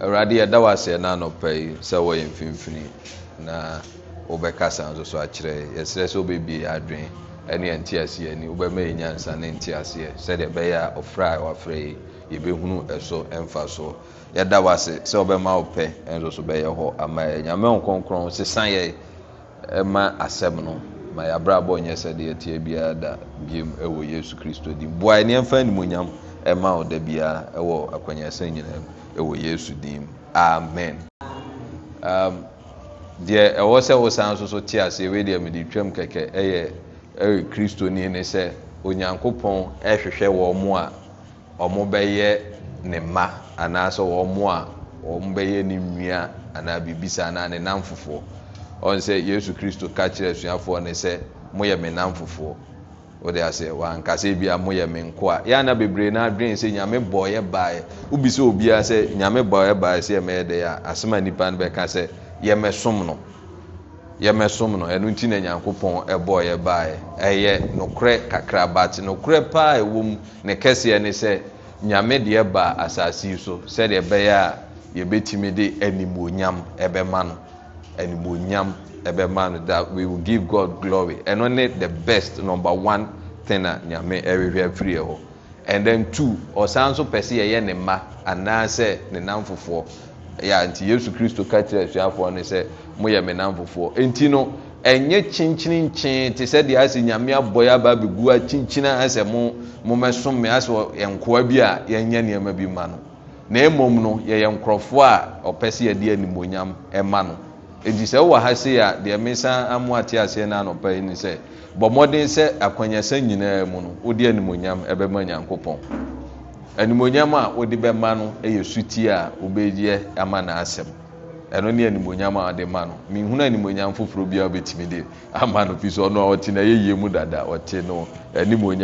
awurade yɛda w'asɛ no anɔpa yi sɛ wɔyɛ mfimfini na wobɛkasa nso so akyerɛ yɛsrɛ sɛ wobɛbie adwene ɛne ɛnteaseɛ ani wobɛma yɛ nyansa ne nteaseɛ sɛdeɛ ɛbɛyɛ a ɔfrɛ a wafrɛ yi yɛbɛhunu ɛso ɛmfa soɔ yɛda w'ase sɛ wobɛma wo pɛ ɛnso so bɛyɛ hɔ ama yɛ nyame wo kronkron yɛ ɛma asɛm no ma yɛabrabɔ nyɛ sɛdeɛ ɛteɛ biara da biom ɛwɔ yesu kristo di boa ɛneɛmfa nimonyam ɛma wo da biara ɛwɔ akwanyɛsɛ nyinaa mu wɔ yesu din mu amen um, deɛ ɛwɔ sɛ wo san nso so te aseɛ wei deɛ mede twam kɛkɛ ɛyɛ ɛyɛ kristoni ne sɛ onyankopɔn ɛhwehwɛ wɔn mu a ɔmo bɛyɛ ne mma anaasɛ wɔn mu a wɔn bɛyɛ ne nua anaa biribi saa anaa ne nam fufuo. ɔn sɛ yesu kristo ka kyerɛ asuafoɔ ne sɛ yɛ me nam fufuo. wode asɛ wankasɛ bia moyɛ me nko a yɛana bebree no adwene sɛ nyame bɔɔyɛ baeɛ wobi sɛ obiaa sɛ nyame bɔɔyɛ baeɛ sɛ yɛmɛyɛ dɛ a ya a nnipa no bɛka sɛ yɛmɛsom no yɛmɛsom no ɛno nti na nyankopɔn ɛbɔɔyɛ ɛyɛ nokorɛ kakra nokorɛ paa ɛwɔ mu ne kɛseɛ ne sɛ nyame deɛ baa asase yi so sɛdeɛ ɛbɛyɛ a yɛbɛtumi de animuonyam ɛbɛma no animonyam ɛbɛma no that we will give God glory ɛno ne the best number one thing a nyame ɛrehwɛ firi ɛhɔ and then two ɔsan so pɛ sɛ yɛyɛ ne mma anaasɛ ne nam fofoɔ yɛ nti yesu kristo ka kyerɛ asuafoɔ no sɛ moyɛ me nam fofoɔ nti no ɛnyɛ kyinkyini nkyee te sɛ deɛ asɛ nyame abɔyɛ aba abɛgu a kyinkyini a asɛ mo momɛsom me asɛ yɛnkoa bi a yɛnyɛ nneɛma bi ma no na mmom no yɛyɛ nkurɔfoɔ a ɔpɛ sɛ yɛde animonyam ɛma no ɛnti sɛ wowɔ ha sei a deɛ mesa amoate aseɛ no anɔpɛyi no ise bụ mmɔden sɛ akwanyasa nyinaa mu no wode animonyam bɛma nyankopɔn animonyam a no a wobɛyɛ ama naasɛm ɛno ne animonyam a ɔde ma no menhunu animonyam ama no mu dada no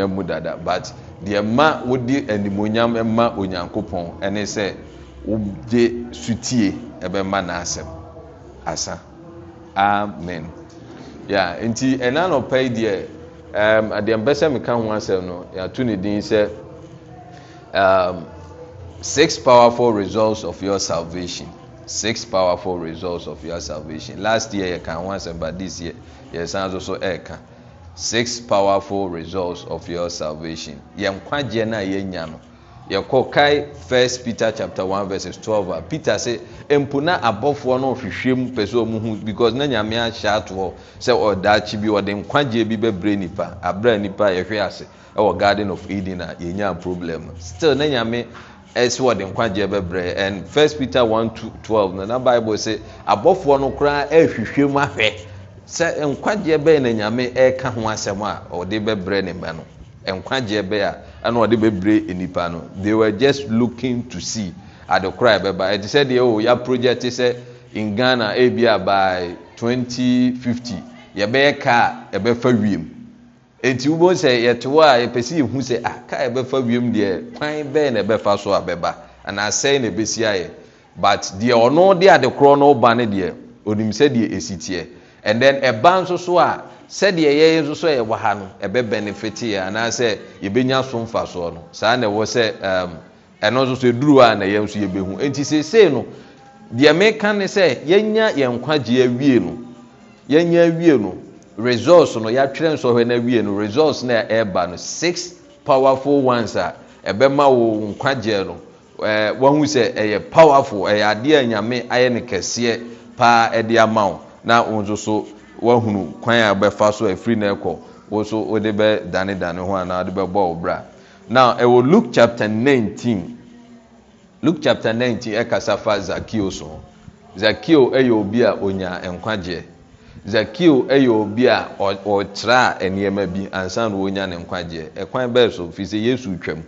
mu dada but asaamen y nti ɛna nɔɔpa yi deɛ adeɛm pɛ sɛ meka ho asɛm no yɛato ne din sɛ six powerf reslts of your slvation six powerfl reslts of your salvation last year yɛka ho asɛm ba this ye yɛ san so so ɛyɛka six powerful results of your salvation yɛnkwagyɛ no a yɛanya no yɛkɔ kae 1 peter c112 a peter sɛ mpo na abɔfoɔ no ɔhwehwɛm pɛ sɛ ɔmuhu because na nyame ahyɛ ato hɔ sɛ ɔdaakye bi ɔde nkwagyeɛ bi bɛbrɛ nipa abrɛ nipa a yɛhwɛ ase ɛwɔ garden of eden a yɛnyaa problem still na nyame ɛsɛ wɔde nkwagyeɛ bɛbrɛ and 1 peter 112 na na bible sɛ abɔfoɔ no koraa ɛhwehwɛm ahwɛ sɛ nkwagyeɛ bɛyɛ na nyame ɛka ho asɛm a ɔde bɛbrɛ ne mma no nkwagyeɛ bɛyɛ a ɛna ɔde bɛbree nipa no they were just looking to see adekora ɛbɛba ɛte sɛ deɛ o oh, yɛ project sɛ in Ghana ebi a by twenty fifty yɛbɛyɛ kaa ɛbɛfa wiem eti wo sɛ yɛte hɔ a yɛpɛ sɛ yɛhu sɛ ah kaa ɛbɛfa wiem deɛ kwan bɛyɛ na ɛbɛfa so abɛba anaa sɛn na ɛbɛsi ayɛ but deɛ ɔno de adekorɔ no ba ne deɛ onim sɛ deɛ esi teɛ and then ɛba nso so a sɛdeɛ yɛyɛ nso so yɛwɔ ha no ɛbɛ benefit yɛ anaasɛ yɛbɛnya so mfasoɔ no saa na ɛwɔ sɛ um, ɛno nso so ɛduru a na yɛn nso yɛbɛhu enti seesei no deɛ meka ne sɛ yɛnya yɛn nkwagye awie no yɛnya awie no results no yɛatwerɛ nsɔhwɛ no awie no results no a no six powerful ones a ɛbɛma wo nkwagyeɛ no ɛɛ wɔn sɛ ɛyɛ powerful ɛyɛ adeɛ a nyame ayɛ no kɛseɛ paa ɛde ama wo na wɔn nso so woahunu kwan a bɛfa so afiri no ɛkɔ wo so wode bɛ danedane ho anaa wode bɛbɔ wo brɛ now ɛwɔ luke chapter 19 luke chapter 19 ɛkasa fa zakeo so ho zakeo ɛyɛ obi a ɔnya nkwagyeɛ zakeo ɛyɛ obi a ɔkyerɛ a nnoɔma bi ansa no onya ne nkwagyeɛ ɛkwan bɛɛ so firi sɛ yesu twam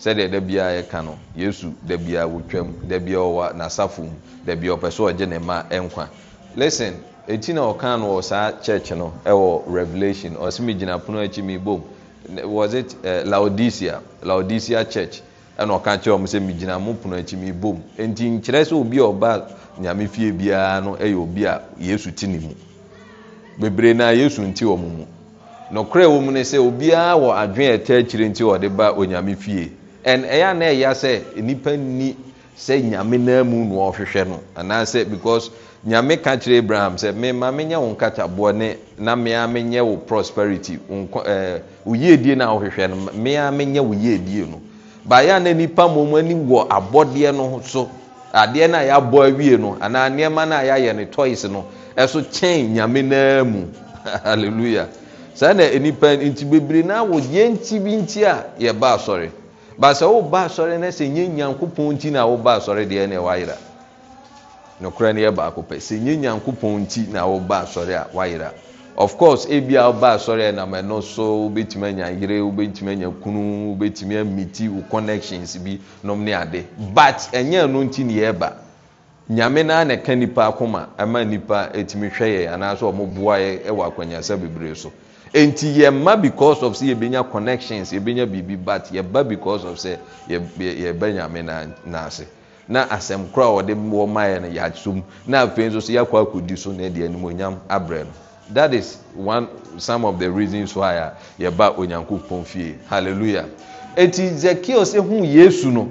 sɛdeɛ da biaa yɛka no yesu da biaa wɔtwam da biaa ɔwɔ n'asafo mu da biaa ɔpɛ sɛ ɔgye ne ma nkwa listen ɛti na ɔkaa no wɔ saa church no ɛwɔ revelation ɔseme gyina pono akyi mebom was it laodicea laodicea church ɛna ɔka kyerɛ ɔm sɛ megyina mo pono akyi mebom ɛnti nkyerɛ sɛ obi a ɔba nyame fie biara no ɛyɛ obi a yesu ti ne mu bebree naa yesu nti wɔ mo mu nokorɛ wɔ mu no sɛ obiara wɔ adwene ɛta akyire nti ɔde ba onyame fie ɛn ɛyɛ na ɛya sɛ nnipa nni sɛ nyame naa mu na ɔhwehwɛ no anaasɛ because nyame ka kyerɛ abraham sɛ mema menyɛ wo nkataboɔ ne na mea menyɛ wo prosperity eh, wo yiedie no a wohwehwɛ no mea menyɛ wo yiedie no baayɛ na nnipa mmom ani wɔ abɔdeɛ no so adeɛ no a yɛabɔ awie no anaa nnoɔma no a yɛayɛ no toic no ɛso kyɛn nyame naa mu alleluya saa na nipa nti bebree no wɔ nti bi nti a yɛba asɔre ba sɛ woba asɔre no sɛ nyɛ nyankopɔn nti no a woba asɔre deɛ ne ɛwɔayera nokora no yɛ baako pɛ sɛ nye nyankopɔn nti na wɔba asɔre a wayera of course ebia wɔba asɔre a nam ɛno so wobɛtumi anya yere wobɛtumi anya kunu wobɛtumi amiti wo connections bi nom ne ade but ɛnyɛ ɛno nti na yɛreba nyame naa na ɛka nipa akoma ɛma nipa etumi hwɛ yɛ anaasɛ wɔn boa yɛ ɛwɔ akɔnyasa bebree so nti yɛma because of sɛ yɛbɛnya connections yɛbɛnya biribi but yɛba because of sɛ yɛbɛ nyame naa naa ase. na asɛm kora a wɔde wɔ maɛ no yɛasom na afei nso so yɛakɔ akɔdi so no ɛde animonyam abrɛ no that is one some of the reasons why a yɛba onyankopɔn fie halleluja ɛnti zekio sɛ yesu no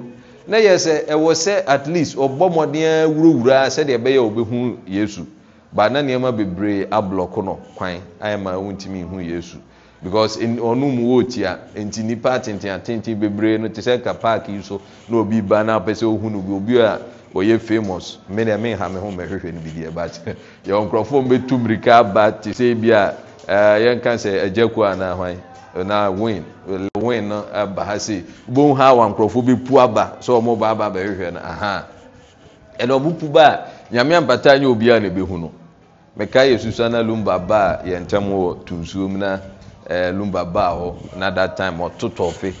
na yɛ sɛ ɛwɔ sɛ at least ɔbɔ mmɔdea wurawuraa sɛdeɛ ɛbɛyɛ wɔbɛhu yesu baa na nnoɔma bebree ablɔko no kwan ayɛma wontumi nhu yesu because ɔnom wɔtia nti nnipa atenten atenten bebree no te sɛ ka park yi so na obi ba no apɛ sɛ ɔhu no bi obi a ɔyɛ famous mene menha me ho mɛhwehwɛ no bideɛ but yɛwɔ nkurɔfoɔ mbɛtu mmirika aba te sɛ bi a yɛnka sɛ agyako anaa hwan na win win no aba eh, ha sei wobɛhu ha wa nkurɔfoɔ bɛpu aba sɛ ɔmo ba aba abɛhwehwɛ no aha ɛnna ɔmo pu ba a nyame ampata nyɛ obiara na ɛbɛhu no mɛka yɛ susana lumba ba a yɛn ntam wɔ tunsuom na lumba baa hɔ na that time ɔto tɔfe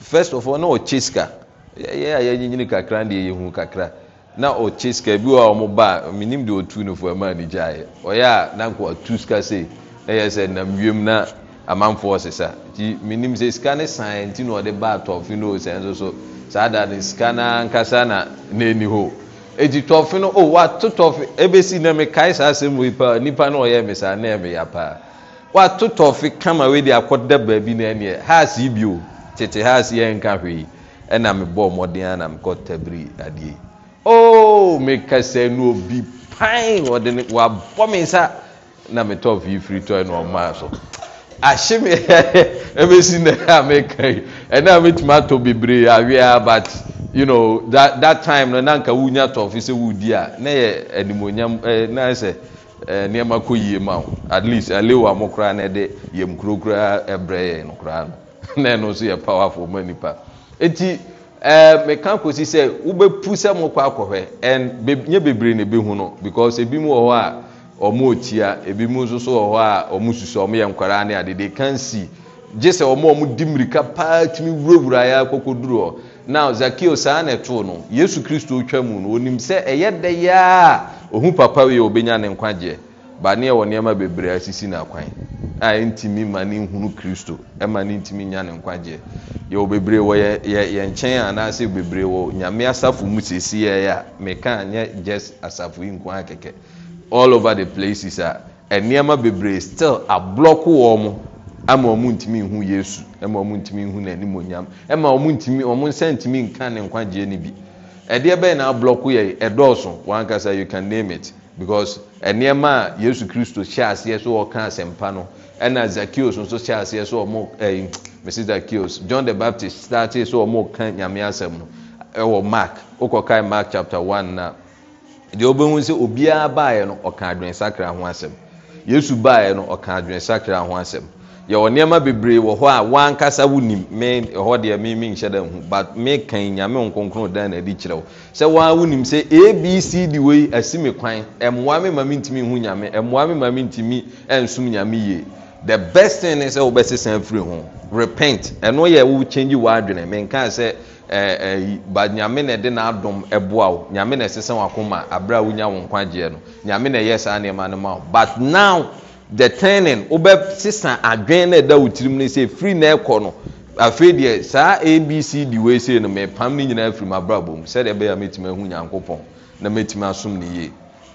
first of all na ɔkye sika yɛ a yɛnyinyini kakra na yɛyɛ kakra na ɔkye sika bi wɔ a wɔn ba a minim otu no fo ɛma ne gya yɛ ɔyɛ a nanko atu sika se ɛyɛ sɛ nam wiem na amanfoɔ sisa nti minim sɛ sika ne san nti na ɔde baa tɔfe no sɛn so so saa da ne sika na nkasa na n'ani hɔ eti tɔfe no o oh, wato tɔfe ebesi na mi kae saa asɛm wɔ yi paa nipa na ɔyɛ mi saa na ɛmi ya paa. wato tɔfe kama wede akɔda baabinonɛ hase yibio tete hase ika hei ɛna mebɔɔ mɔdenamekɔtabereeameka sɛ noɔbi pa abɔ mesa na me tɔfeyi fri tɔe no ɔmaa so yɛn metumi atɔ bebree ebttha tim o nanka wonya tɔfe sɛ wordi a nɛnsɛ Eh, nnoɔma kɔ yie ma at least alewa eh, mo koraa no ɛde yam kurokuraa brɛ yɛ no koraa no na ɛno nso yɛ powerfo ma nnipa ɛnti eh, meka kɔsi sɛ wobɛpu sɛ mokɔ akɔhwɛ nyɛ bebree ne bɛhu no because ebi mu wɔ hɔ a ɔmo ɔtia ebi mu nso so wɔ hɔ a ɔmo susu ɔmo yɛ nkwaraa ne ade de kan si gye sɛ ɔmo ɔmo di mmirika paa tumi wurawura yɛ akɔkɔ duro nzakeo saa ne ɛtoo no yesu kristo twa mu no ɔnim sɛ ɛyɛ dɛyɛ a ɔhu papa yii yɛwɔbɛnya ne nkwa agyeɛ ba neɛ wɔ nnoɔma bebree a sisi no kwan ɛntimi ma ne nhunu kristo ma ne ntimi nya ne nkwa agyeɛ yɛwɔbebree wɔ yɛnkyɛn anaasɛ bebree wɔ nyame asafo mu seesiɛɛ a mekaa yɛ jes asafo yi nkoa akɛkɛ allover the places a ɛnnoɔma bebree stil ablɔkoɔ mu ama ɔmo ntumi nhu yesu ama ɔmo ntumi nhu n'animonyam ma ɔmo ntumi ɔmo nsa ntumi nka ne nkwagyeɛ no bi ɛdeɛ bɛyɛ na ablɔko yɛ ɛdɔɔso wankasa you can name it because nneɛma a yesu kristo hyɛ aseɛ so ɔka asɛmpa no ɛna zakios nso hyɛ aseɛ so ɔmo ɛyi mrs zakios john the baptist started so ɔmo ka nyame asɛm no ɛwɔ mark okɔkae mark chapter one na deɛ obɛhu sɛ obiara baeɛ no ɔka adwene sakra ho asɛm yesu baeɛ no ɔka adwene yɛwɔ nnoɔma bebree wɔ hɔ a woankasa wonim hɔ deɛ memenhyɛ da hu but meka nyame nkronkron dan naadi kyerɛ wo sɛ woa wonim sɛ abcd wei asi me kwan ɔmmoa me ma mentimi hu nyame ɔmmoa me ma mentimi nsom nyame yie the best thing ne sɛ wobɛsesa firi ho repent ɛno yɛ wo kyɛngyi w'adwene menkaa sɛ but nyame no de n'adom boa wo nyame no ɛsesa wakoma aberɛ a wonya wo nkwagyeɛ no nyame no ɛyɛ saa nnoɔma no ma wo but now the turning wobɛ sesa adwene na ɛda wo tirim no sɛ firi na ɛkɔ no afei deɛ saa abc di wei sei no mepam ne nyinaa firi m'abrabɔ mu sɛdeɛ ɛbɛyɛ a mɛtumi ahu nyankopɔn na mɛtumi asom ne yie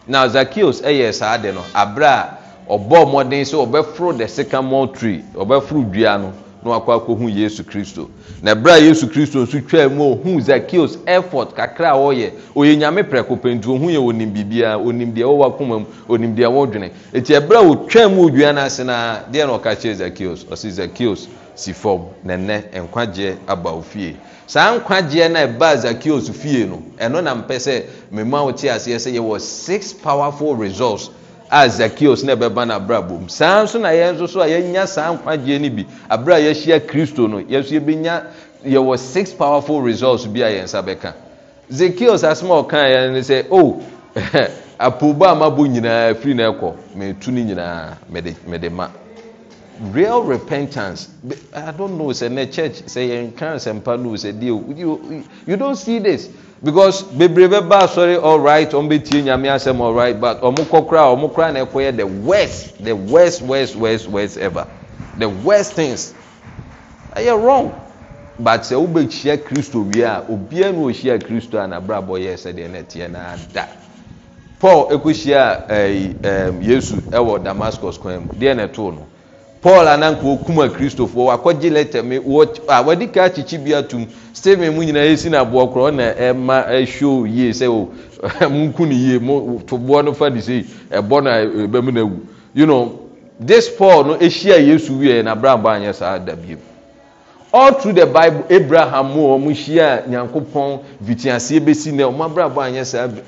na zakios ɛyɛ saa de no abrɛ a ɔbɔɔ mmɔden sɛ ɔbɛforo the sycamore tree ɔbɛforo dua no kakɔhu yesu kristo na ɛberɛ a yesu kristo nso twa mu a ɔhuu zakeus effort kakraa ɔyɛ ɔyɛ nyame prɛkopɛntu ɔhu ɛ ɔnim birbiaa ɔnimdeɛ ɔwakoma mu ɔnimdeɛ wo dwene ɛti ɛberɛ a wotwa mu ɔdwua no ase noa deɛ no ɔka kyerɛ zakius ɔsɛ zakios si fam nanɛ nkwagyeɛ aba o fie saa nkwagyeɛ na ɛbaa zakios fie no ɛno na mpɛ sɛ mam a wo te aseɛ sɛ yɛwɔ 6 powef results a zakeos no ɛbɛba no abrabɔ mu saa nso na yɛ nso so a yɛanya saa nkwagyeɛ no bi aberɛ a yɛahyia kristo no yɛso yɛbɛnya yɛwɔ six powerful results bi a yɛn nsa bɛka zakeos asɛm a ɔkaa yɛn no sɛ o oh, apoobɔ a mabɔ nyinaa firi no ɛkɔ metu no nyinaa mede ma real repentance i don't know sɛ ne church sɛ yɛnka asɛmpa no sɛ deɛ you don't see this because bebree bɛba sorry, alright ɔmo bɛtie nyame asɛm alright but ɔmo kɔkora a ɔmo kora na ɛkɔyɛ the worst the worst worst worst worst ever the worst things ɛyɛ wrong but sɛ wobɛhyia kristo wie a obiara na ohyia kristo a n'abrabɔ yɛ sɛdeɛ na ɛteɛ na ada paul ekɔhyia ɛɛ ɛɛ yesu ɛwɔ damascus kwan mu deɛ na ɛtoo no paul ananka wɔkum Kristofo, kristofoɔ wakɔgye lɛta me wɔde ah, kaa kyikyi bi atom statement mu nyinaa ɛsi no aboɔ korɔ na ɛma ɛhwɛ yie sɛ monku no yie toboɔ no fa de sei ɛbɔ no ɛbɛmu eh, no awu you know this paul no ɛhyia yesu e, na n'abrabɔ anyɛ saa da biem all through the bible abraham mu a wɔn hyia nyankopɔn vitiaseɛ bɛsi na wɔn abrabɔ anyɛ saa bi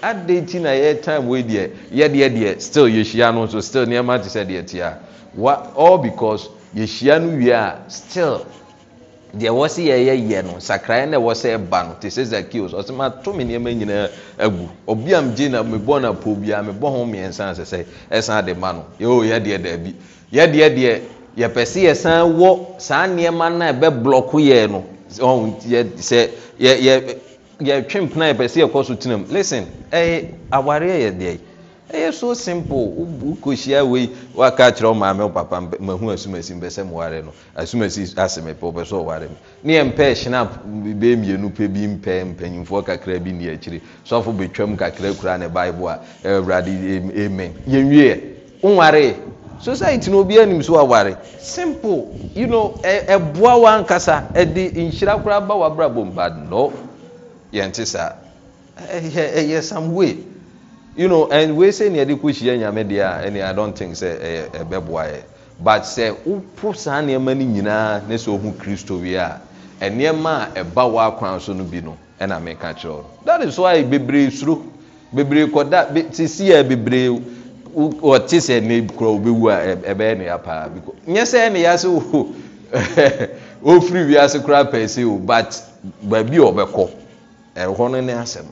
na yɛ time wei deɛ yɛ deɛ deɛ still yɛhyia no nso still nneɛma te sɛ deɛ tia all because yɛhyia no wie a still deɛ wɔ se yɛyɛyɛ no sakraeɛ no ɛwɔ sɛ ɛba no te sɛ zakios ɔsɛ matome nnoɔma nyinaa agu ɔbia mgye na mebɔ no apɔ biaa mebɔ ho mmiɛnsa sɛ sɛ ɛsan de ma no yɛdeɛ daabi yɛdeɛ deɛ yɛpɛ sɛ yɛsan wɔ saa nnoɔma no a ɛbɛblɔko yɛ no sɛ yɛtwe mpena yɛpɛ sɛ yɛkɔ so tenam listen ɛyɛ awareɛ yɛ deɛ ɛyɛ so simple wokɔhyia wei woaka kyerɛ wo maame wo papa mahu asumasi mpɛ sɛ mware no asumasi asɛmepɛ wopɛ sɛ ɔware me ne yɛmpɛ hyena bɛmmienu pɛ bi mpɛ mpanyimfoɔ kakra bi ne akyiri sɔfo bɛtwam kakra kura ne bible a e, awurade amen yɛnwieɛ wonwaree society no obiaa nim so waware simple you know ɛboa e, e wankasa ɛde nhyira koraa ba wabrabɔ mbadnɔ yɛnte saa ɛyɛ some way you know and wei sɛ nea de kɔhyia nyame deɛ a ɛne i don't think sɛ ɛbɛboa yɛ but sɛ wopɔ saa nneɛma no nyinaa ne sɛ ohu kristo wie a ɛnnoɛma eh, a ɛba wo akwan so no bi no ɛna eh, meka kyerɛw no that is why bebree suro bebree kɔda sisi a bebree ɔte sɛ ne kura obɛwu a eh, ɛbɛyɛ ne ya paa nyɛ sɛ ɛne ya se wo oh, ofiri wiase koraa pɛɛ se o but baabi a ɔbɛkɔ ɛhɔ no ne asɛm no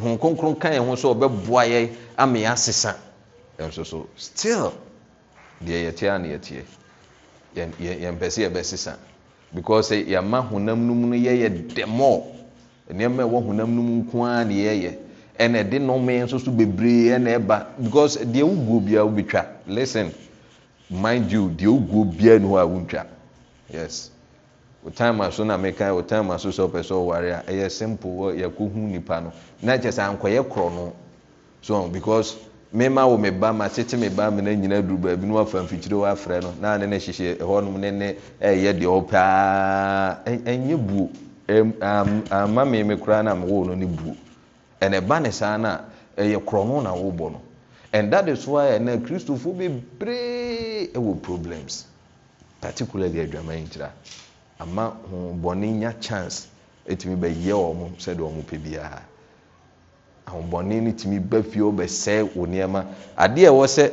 hom kronkron ka yɛn ho sɛ ɔbɛboa yɛ ama yɛ asesa ɛnso so still deɛ yɛteɛ a na yɛteɛ yɛmpɛ sɛ yɛbɛsesa because yɛama honam no mu no yɛyɛ dɛmɔ nneɛma ɛwɔ honam no mu nko ara na yɛyɛ ɛna ɛde nnɔmɛ nso so bebree ɛna ɛba because deɛ woguo biara wobɛtwa listen mind you deɛ woguo biara ni hɔ a wontwa yes wotan ma so na meka wotan ma so sɛ wopɛ sɛ ɔware a ɛyɛ simple wɔ yɛkɔhu nipa no na kyɛ sɛ ankɔyɛ korɔ no so because mema wo me ba ma tete me ba me na nyina duru baabi no wafa mfikyire wafrɛ no na ne ne hyehyɛ hɔnom ne ne ɛyɛ deɛ ɔ paa ɛnyɛ buo ama me me koraa na mewɔ no ne buo ɛnɛ ba ne saa no a ɛyɛ korɔno na wobɔ no and that is why ɛnɛ kristofoɔ bebree ɛwɔ problems particularly adwaman nkyira ama hohombɔne nya chance ɛtumi bɛyɛ wɔn sɛdeɛ wɔn pɛ biara ahohombɔne no tumi ba fie bɛsɛe wɔ nneɛma adeɛ ɛwɔ sɛ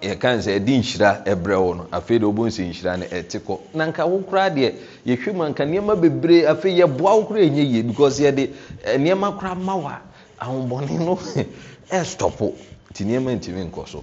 yɛka n sɛ ɛde nhyira brɛ wo no afei de wobɛhu sɛ nhyira no ɛte kɔ na anka wo koraa deɛ yɛhwɛ mu anka nnoɔma bebree afei yɛboa boa kora ɛnyɛ yie because yɛde eh, nnoɔma koraa ma wo a ahombɔne no ɛstɔpo nti nnoɔma ntumi nkɔ so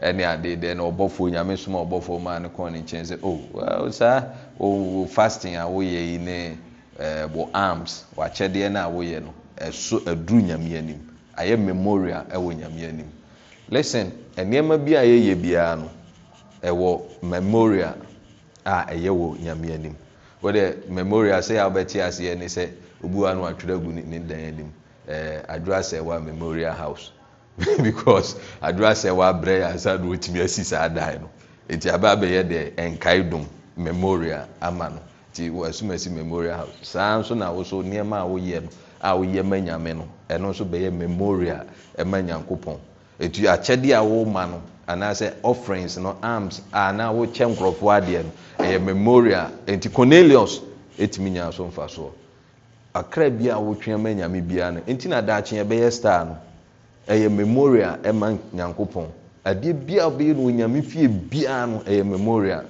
ade ɛneadedeɛ na ɔbɔfoɔ nyame soma ɔbɔfoɔ maa no kɔɔ eh, eh, eh, no nkyɛn sɛ saa fasting a woyɛ yi ne wɔ arms wakyɛdeɛ na a woyɛ no ɛso aduru nyame anim ayɛ memorial ɛwɔ nyame anim listen nneɛma bi a yɛyɛ biara no ɛwɔ memorial a ɛyɛ wɔ nyame anim wode memorial sɛ yɛ wobɛte aseɛ ne sɛ ɔbuwa no atwere agu ne dan anim adwerɛ asɛ wɔ a memorial house because adoasɛ woabrɛ yasa asade wɔtumi asi saa dan no ɛnti bɛyɛ de ɛnkae dom memorial ama no w'asum asi memorial house saa nso na woso nneɛma a woyɛ no a woyɛ ma nyame no ɛno nso bɛyɛ memorial ma nyankopɔn ɛti akyɛdeɛ a woma no anaasɛ offerings no arms anaa wokyɛ nkurɔfoɔ adeɛ no ɛyɛ memorial cornelius etumi nya so ɛyɛ memorial ma nyankopɔn adeɛ biaa wobɛyɛ no ɔnyame fie biaa no ɛyɛ memorial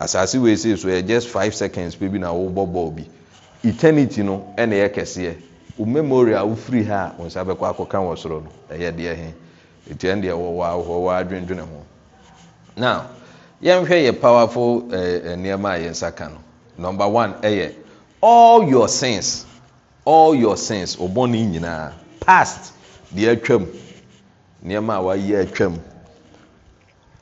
asase wei so yɛ jus 5 seconds pɛ na na bɔɔl bi eternity no ɛna yɛ kɛseɛ wo memorial wofiri ha a wo nsa bɛkɔ akɔka wɔ soro no ɛyɛ deɛ he ɛtiɛn deɛ wɔwɔ adwendwene ho now yɛnhwɛ yɛ powerful nnoɔma a yɛ nsa ka no number one ɛyɛ all your sins all your sins wobɔne nyinaa past deɛ atwam nneɛma a wayɛ atwam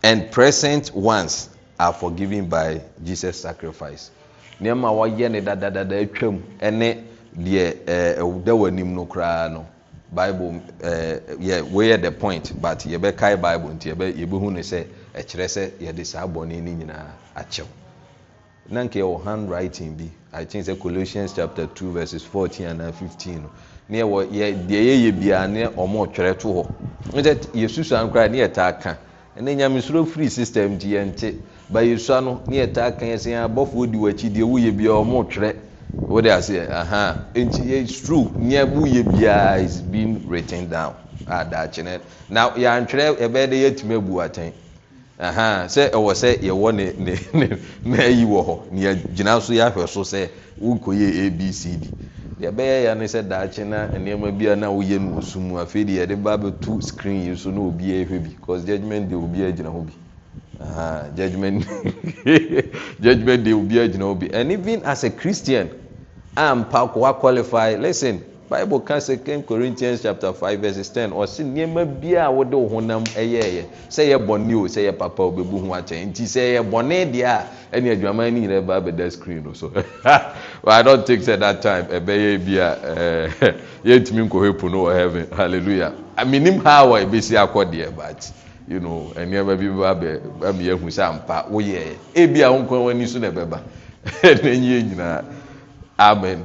and present ones are forgiven by Jesus sacrifice nneɛma a wayɛ ne dadadada atwam ɛne deɛ eh, ɛda wɔ anim no koraa no bible ɛɛ eh, yɛ wɔyɛ the point but yɛbɛkae bible nti yɛbɛ yɛbɛhu ne sɛ ɛkyerɛ sɛ yɛde saa bɔnne ne nyinaa akyɛw nanka yɛwɔ handwriting bi i think sɛ Colossians chapter two verses fourteen and fifteen no ne yɛwɔ yɛ deɛ yɛyɛ biara ne ɔmo twerɛ to hɔ nkyɛ yɛsusu ankora ne yɛtaa ka ɛnna nyamesoro free system ti yɛn ti ba yɛsua no ne yɛtaa ka yɛ sɛ yɛn abɔfoɔ di wɔn akyi deɛ woyɛ biara ɔmo twerɛ wɔde aseɛ aha nti it's true nea woyɛ biara is being written down a daakye ne na yɛantwerɛ ɛbɛyɛ de yɛtumi abu atɛn aha sɛ ɛwɔ sɛ yɛwɔ ne ne ne ne ayi wɔ hɔ ne yɛgyina so yɛahwɛ so sɛ nkɔ yɛ abcd. yɛbɛyɛ yɛ ne sɛ daakye na nneɛma bi a na woyɛ no wɔ sum afei de yɛde ba screen yi so na obi ɛhwɛ bi cause judgement de obi agyina hɔ bi judgement judgement de obi agyina hɔ bi and even as a Christian a mpa pa kuwa qualify listen. bible ka second corinthians chapter five verses ten. ɔsi nneɛma biaa wode wo honam ɛyɛɛyɛ sɛ yɛ bɔne o sɛ yɛ papa wobɛbu ho akyɛn nti sɛ yɛ bɔne deɛ a ɛne adwaman no nyina baa bɛda screen o so i don't think sɛ that time ɛbɛyɛ bi a yɛntumi nkɔhɔ po no wɔ heaven hallelujah menim how a ɛbɛsi akɔ deɛ but you know nneɛma bi ba bɛ amiyɛhu sɛ ampa woyɛɛ ebi a wo nkwan w'ani so na ɛbɛba ɛnɛ nyie nyinaa amen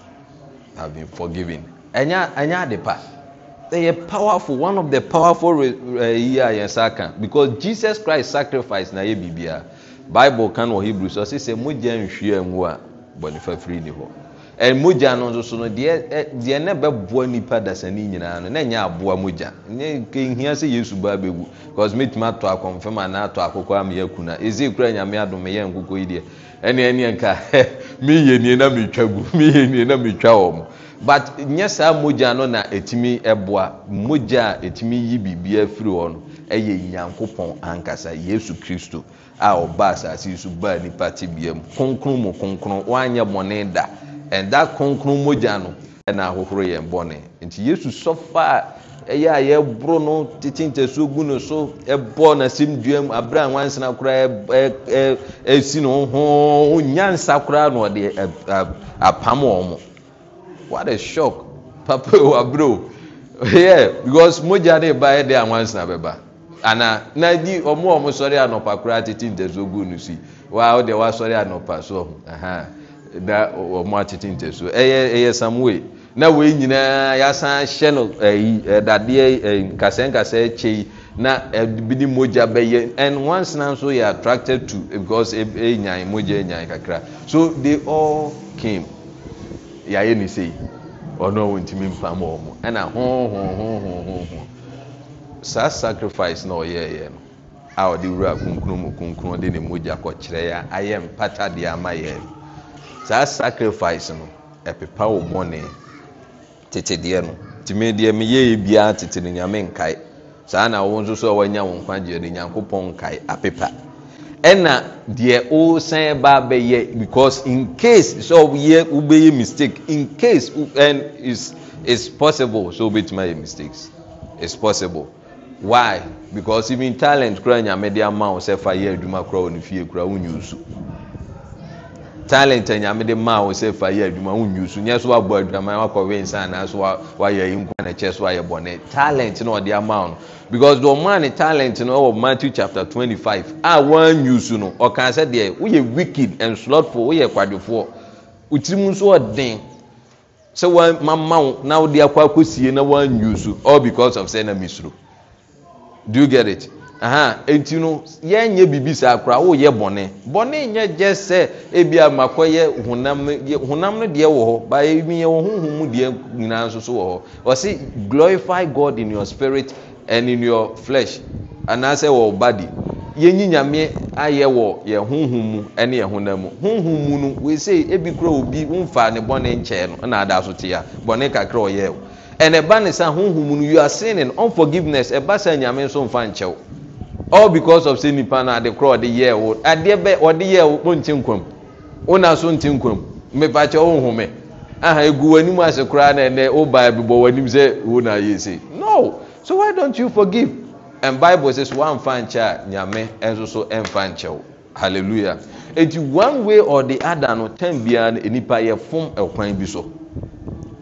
have been forgiven ɛnyɛ ɛnyɛ ade They are powerful one of the powerful ɛyi a yɛn because Jesus Christ sacrifice na ye bibia. Bible kan wɔ Hebrew sɛ ɔsi sɛ mo gya nhwiren mu a bɔnifa firi ni hɔ mogya no nso so no deɛ ne bɛboa nipa dasani nyinaa no na ɛnyɛ aboa mogya ɛhia sɛ yesu baa bɛwu bcause mɛtumi atɔ akɔmfam anaa atɔ akokɔ ameyɛaku na ɛsei kora nyame adomeyɛ nkokɔ yi deɛ ɛne neɛ nka meyɛ nie na metwa gu meyɛ nie na metwa wɔ mo but nyɛ saa mogya no na etimi ɛboa mogya a ɛtumi yi biribia firi hɔ no ɛyɛ nyankopɔn ankasa yesu kristo a ɔba asase yi so baa nnipa tebea mu kronkron mu kronkron woanyɛ mɔne da ɛnda kronkron mogya no ɛna ahohoro yɛn bɔne nti yesu sɔfa a ɛyɛ a yɛboro no tete ntasuo gu no so ɛbɔ n'asɛm dua mu abere a nwansena koraa ɛɛ ɛsi no ho nyansa koraa na ɔde apam wɔn mo what a shock papa o abere o because mogya de ba ɛde a nwansena bɛba ana na di ɔmo a ɔmo sɔre anɔpa koraa tete ntasuo gu no si waa ɔde wasɔre anɔpa so ɛhan. da ɔmo atete ntɛsuo ɛyɛ ɛyɛ samway na wei nyinaa yɛasan hyɛ no ɛyi ɛdadeɛ ɛyi nkasɛnkasɛ ɛkyɛ yi na ɛbi ni mogya bɛyɛ and once na nso yɛ attracted to because ɛnyan mogya ɛnyan kakra so they all came yɛayɛ ne sɛ ɔno ɔwɔ ntumi mpam wɔ mo ɛna hohohohoho saa sacrifice na ɔyɛɛyɛ no a ɔde wura kunkun mu kunkun de ne mogya kɔkyerɛ ya ayɛ mpata deɛ ama yɛ no. saa sacrifice no ɛpepa wo bɔne tete deɛ no tumi deɛ meyɛɛ biara tete no nyame nkae saa na wo nso so a woanya wo nkwagyeɛ no nyankopɔn nkae apepa ɛna deɛ wosan ba bɛyɛ because in case sɛ woyɛ wobɛyɛ mistake in case and is is possible sɛ wobɛtumi ayɛ mistakes is possible why because even talent kura nyame de ama wo sɛ fa yɛ adwuma kura wo fie kura wo nyusu talent anyame de maa wo sɛ fa yɛ adwuma wo nyusu nyɛ so wabɔ adwuma wakɔ wensa anaaso wayɛ yi nkwa na kyɛ so ayɛ bɔne talent na ɔde ama wo because the ɔmaa ne talent no ɛwɔ Matthew chapter twenty five a wanyusu no ɔkaa sɛ deɛ woyɛ wicked and slothful woyɛ kwadwofoɔ wotirimu nso ɔden sɛ wamama wo na wode akɔ akɔsie na wanyusu all because of sɛ na misuro do you get it. aha ɛnti no yɛnyɛ biribi saa koraa yɛ bɔne bɔne nyɛ gye sɛ yɛ makɔyɛ honam no deɛ wɔ hɔ ebi wɔ honhom mu deɛ nyinaa nso so wɔ hɔ ɔse glorify god in your spirit and in your flesh anaasɛ wɔ body nyame ayɛ wɔ yɛ mu yɛ mu no ebi kora obi nfa ne no ɛna ada so bɔne kakra ɔyɛ all because of sɛ nipa no ade korɔ ɔde yɛɛ wo adeɛ uh, bɛ ɔde yɛɛ wo mo nti nkwam wona so nti nkwam mepakyɛ wohome aha egu w'anim ase koraa na ɛnɛ wo baa bibɔ w'anim sɛ wo ayɛ se no so why don't you forgive and bible says wamfa nkyɛ a nyame nso so mfa nkyɛ hallelujah eti one way or the other no ten biara nipa yɛ fom ɛkwan bi so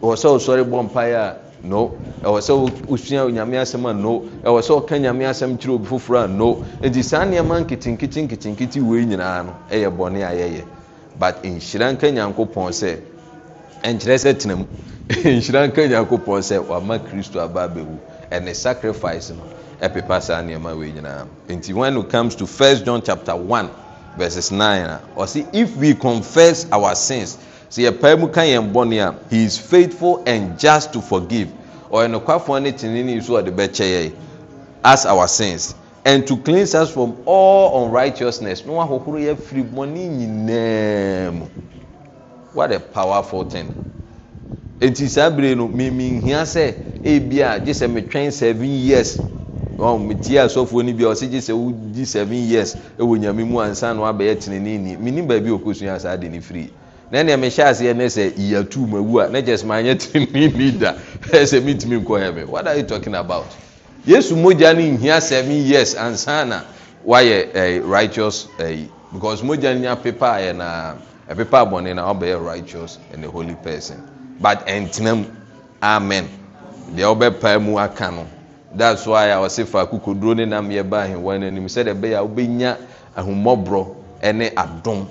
wɔ sɛ osɔre bɔ mpaeɛ a no ɛwɔ sɛ wosua nyame asɛm a no ɛwɔ sɛ ɔka nyame asɛm kyerɛ obi foforɔ a no nti saa nneɛma nketenketenketenkete wei nyinaa no ɛyɛ bɔne a yɛyɛ but nhyira nka nyankopɔn sɛ ɛnkyerɛ sɛ tenam nhyira nka nyankopɔn sɛ wama kristo aba abɛwu ɛne sacrifice no ɛpepa saa nneɛma wei nyinaa nti when it comes to first john chapter one verses nine a ɔsi if we confess our sins sɛ yɛpae mu ka yɛn bɔne a he is faithful and just to forgive ɔyɛ nokwafoɔ ne tenene so ɔde bɛkyɛ yɛn as our sins and to cleanse us from all unrighteousness No wahohoro yɛ firi bɔne nyinaa mu what a powerful thing eti saa bere no mimi nhia sɛ ebi a gye sɛ metwɛn seven years wọn mi tie asɔfoɔ ni bi a ɔsi gye sɛ wodi seven years ɛwɔ nyame mu ansa na wabɛyɛ tenene ni mi ni baabi okosua saa de ne firi. ne nea mehyɛ aseɛ ne sɛ yatu mu awu a na kyerɛ sɛ maanyɛ tirinini da ɛyɛ sɛ mitumi nkɔ heaven what are you talking about yesu mogya no nhia seven years ansa na wayɛ ɛɛ righteous ɛɛ because mogya no nya pepa ayɛ na ɛpepa abɔne na ɔbɛyɛ righteous and a holy person but ɛntena mu amen deɛ ɔbɛpa mu aka no that's why a ɔsi fa akokoduro ne nam yɛ ba ahengua n'anim sɛdeɛ ɛbɛyɛ a ɔbɛnya ahomɔborɔ ɛne adom.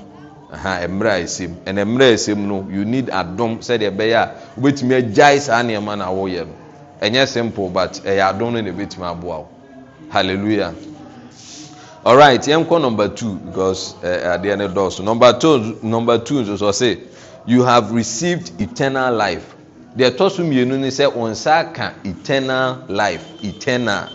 mmerɛ a ɛsɛm ɛna mmerɛ a ɛsɛm no you need adom sɛdeɛ ɛbɛyɛ a wobɛtumi agyae saa nneɛma na wɔyɛ no ɛnyɛ simple but ɛyɛ adom no na ɛbɛtumi aboa wo hallelujah alright yɛn kɔ number two because eh, eh, adeɛ ne dɔɔso number two number two nso so say you have received eternal life deɛ ɛtɔ so mmienu ne sɛ wɔn nsa ka eternal life eternal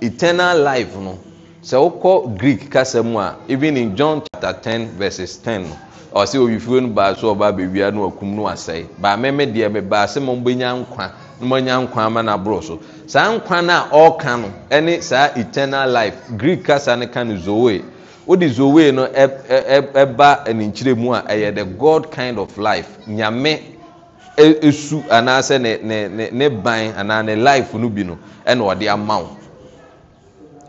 eternal life no. sɛ wokɔ greek kasa mu a even in john chapter 10 verses 10 ɔsɛ owifuo no baa so ɔbaa bɛwia no akum no asɛe baa mɛmɛ deɛ mebaa sɛ mɔmbɛnya nkwa mɔnya nkwa ama no aboro so saa nkwa no a ɔreka no saa eternal life greek kasa no ka no zoe wode zoe no ɛba aninkyerɛ mu a ɛyɛ the god kind of life nyame e-, anaasɛ ne ban anaa ne life no bi no ɛna ɔde ama wo